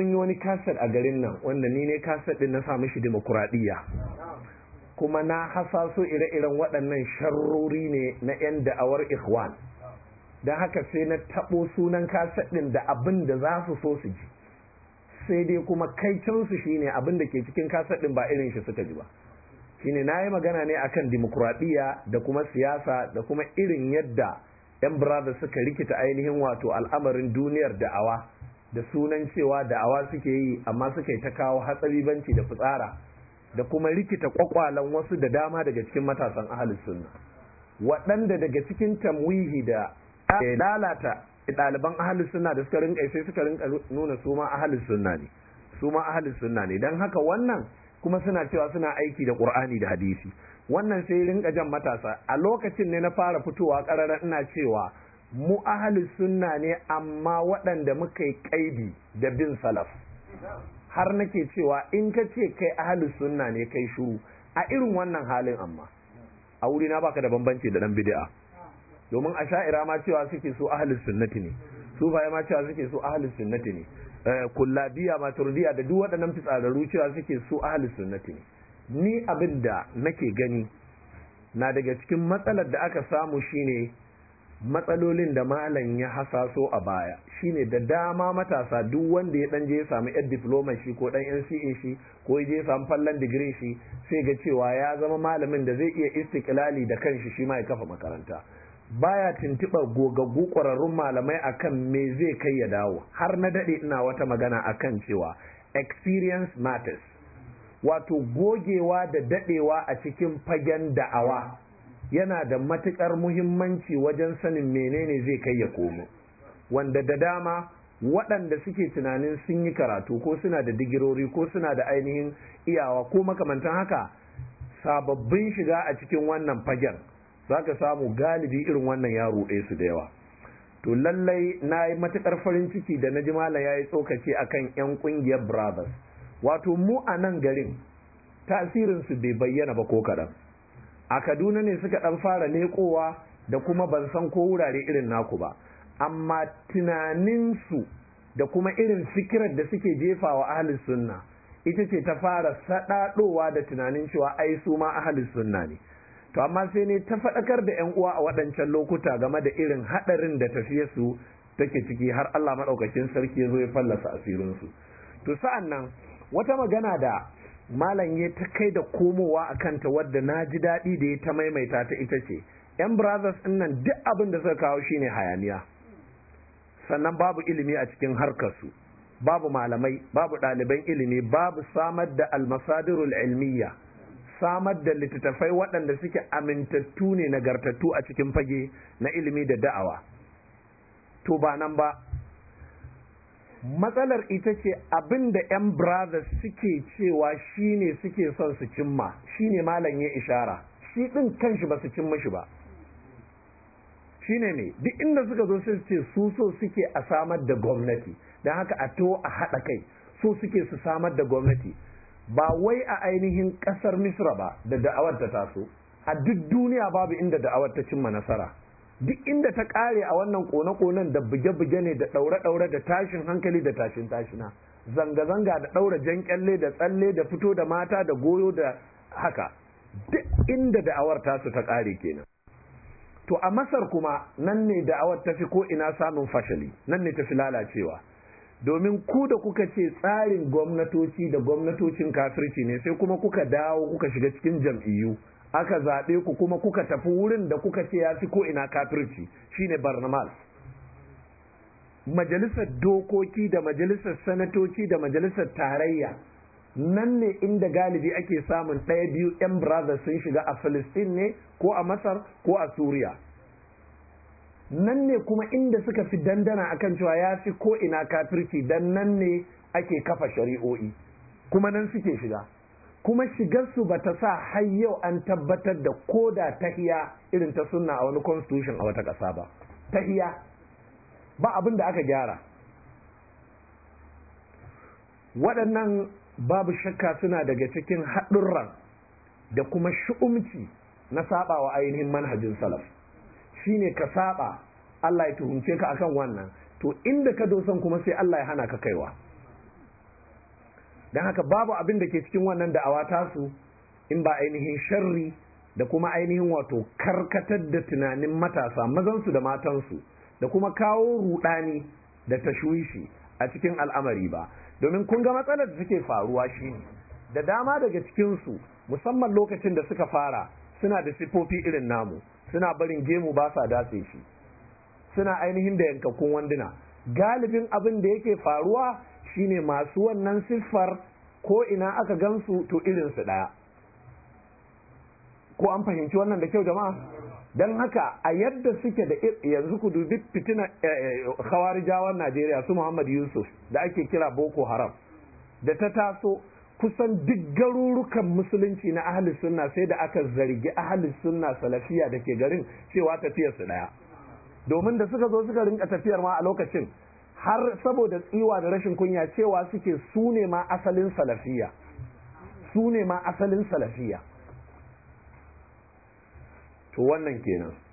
mun yi wani kaset a garin nan wanda ni ne kasar din na sa shi demokuraɗiyya kuma na hasaso ire-iren waɗannan sharrori ne na 'yan da'awar ikhwan don haka sai na taɓo sunan kasar din da abin da za su so su ji sai dai kuma kai su shine abin da ke cikin kasar din ba irin shi suka ji ba shine na yi magana ne akan dimokuraɗiyya da kuma siyasa da kuma irin yadda 'yan brothers suka rikita ainihin wato al'amarin duniyar da'awa da sunan cewa da'awa suke yi amma suka yi ta kawo hatsari, banci da fitsara da kuma rikita kwakwalan wasu da dama daga cikin matasan ahalus sunna waɗanda daga cikin tamwihi da ya lalata ɗaliban ahalus sunna da suka rinka sai suka rinka nuna su ma ahalus sunna ne su ma ahalus sunna ne don haka wannan kuma suna cewa suna aiki da qur'ani da hadisi wannan sai rinka jan matasa a lokacin ne na fara fitowa ƙarara ina cewa mu ahli sunna ne amma waɗanda muka yi kaidi da bin salaf har nake cewa in ka ce kai ahli sunna ne kai shuru a irin wannan halin amma a wuri na baka da bambanci da dan bid'a domin a sha'ira ma cewa suke so ahli sunnati ne sufaye ma cewa suke so ahli sunnati ne eh, kullabiya turdiya da duk waɗannan fitsararru cewa suke so ahli sunnati ne ni abin da nake gani na daga cikin matsalar da aka samu shine matsalolin da malam ya hasaso a baya shine da dama matasa duk wanda ya dan je ya samu yan diploma shi ko dan NCA e shi ko ya je ya samu fallon digirin shi sai ga cewa ya zama malamin da zai iya istiklali da kanshi shi ma ya kafa makaranta baya tuntuɓa gogaggu ƙwararrun malamai akan me zai kai ya dawo har na daɗe ina wata magana akan cewa experience matters wato gogewa da daɗewa a cikin fagen da'awa yana da matuƙar muhimmanci wajen sanin menene zai kai ya komo wanda da dama waɗanda suke tunanin sun yi karatu ko suna da digirori ko suna da ainihin iyawa ko makamantan haka sababbin shiga a cikin wannan fagen za ka samu galibi irin wannan yaro ɗaya su da yawa to lallai na yi matuƙar farin ciki da na ji mala ya yi tsokaci a kan 'yan ƙungiyar brothers wato mu a nan garin tasirinsu bai bayyana ba ko kaɗan a kaduna ne suka ɗan fara nekowa da kuma ban san ko wurare irin naku ba amma tunaninsu da kuma irin fikirar da suke jefa wa ahalin sunna ita ce ta fara saɗaɗowa da tunanin cewa ai su ma ahalin sunna ne to amma sai ne ta faɗakar da 'yan uwa a waɗancan lokuta game da irin haɗarin da tafiye su take ciki har Allah maɗaukakin sarki ya zo ya fallasa asirinsu to sa'an nan wata magana da malam ya ta kai da komowa a kanta wadda na ji daɗi da ya ta maimaita ta ita ce yan brothers ɗin nan duk abin da suka kawo shine hayaniya sannan babu ilimi a cikin harkarsu babu malamai babu ɗaliban ilimi babu samar da almasadirul ilmiya samar da littattafai waɗanda suke amintattu ne nagartattu a cikin fage na ilimi da da'awa to ba nan ba matsalar ita ce abin da 'yan brothers suke cewa shine suke son su cimma shine malam ya ishara shi ɗin kanshi ba su cimma shi ba Shi ne duk inda suka zo sai ce su so suke a samar da gwamnati don haka a to a haɗa kai so suke su samar da gwamnati ba wai a ainihin ƙasar misra ba da da'awar ta taso a duk duniya babu inda da'awar ta cimma nasara duk inda ta kare a wannan kone-konen da buge-buge ne da daure-daure da tashin hankali da tashin tashina zanga-zanga da daura jan kyalle da tsalle da fito da mata da goyo da haka duk inda da'awar tasu ta kare kenan to a masar kuma nan ne da'awar ta fi ko ina samun fashali nan ne ta fi lalacewa domin ku da kuka ce tsarin gwamnatoci da gwamnatocin kafirci ne sai kuma kuka dawo kuka shiga cikin jam'iyyu aka zaɓe ku kuma kuka tafi wurin da kuka ce ya fi ko ina kafirci shine barnamal majalisar dokoki da majalisar sanatoci da majalisar tarayya nan ne inda galibi ake samun ɗaya biyu 'yan brothers sun shiga a Filistin ne ko a Masar ko a Suriya. Nan ne kuma inda suka fi dandana akan cewa ya fi ko ina kafirci don nan ne ake kafa shari'o'i, kuma nan suke shiga. kuma shigarsu ba ta sa har yau an tabbatar da ko da tahiya irin ta sunna a wani constitution a wata ƙasa ba tahiya ba abin da aka gyara waɗannan babu shakka suna daga cikin haɗurran da kuma shi'umci na saba wa ainihin manhajin salaf ne ka saba Allah ya tuhumce ka akan wannan to inda ka dosan kuma sai Allah ya hana ka kaiwa don haka babu abin da ke cikin wannan da'awa tasu in ba ainihin sharri da kuma ainihin wato karkatar da tunanin matasa mazansu da matansu da kuma kawo rudani da tashwishi a cikin al'amari ba domin kun ga matsalar da suke faruwa shi da dama daga cikinsu musamman lokacin da suka fara suna da sifofi irin namu suna barin gemu ba sa dace shi suna ainihin da yankakkun wanduna galibin abin da yake faruwa shine masu wannan siffar ko ina aka gansu to irinsu ɗaya ko an fahimci wannan da kyau jama'a don haka a yadda suke da yanzu ku dubi fitina eh, eh, khawarijawan Najeriya su Muhammad Yusuf da ake kira Boko Haram da ta taso kusan duk garurukan musulunci na ahli sunna sai da aka zargi ahli sunna salafiya da ke garin cewa tafiyar su daya domin da suka zo suka rinka tafiyar ma a lokacin har saboda tsiwa da rashin kunya cewa suke su ne ma asalin salafiya su ne ma asalin salafiya to wannan kenan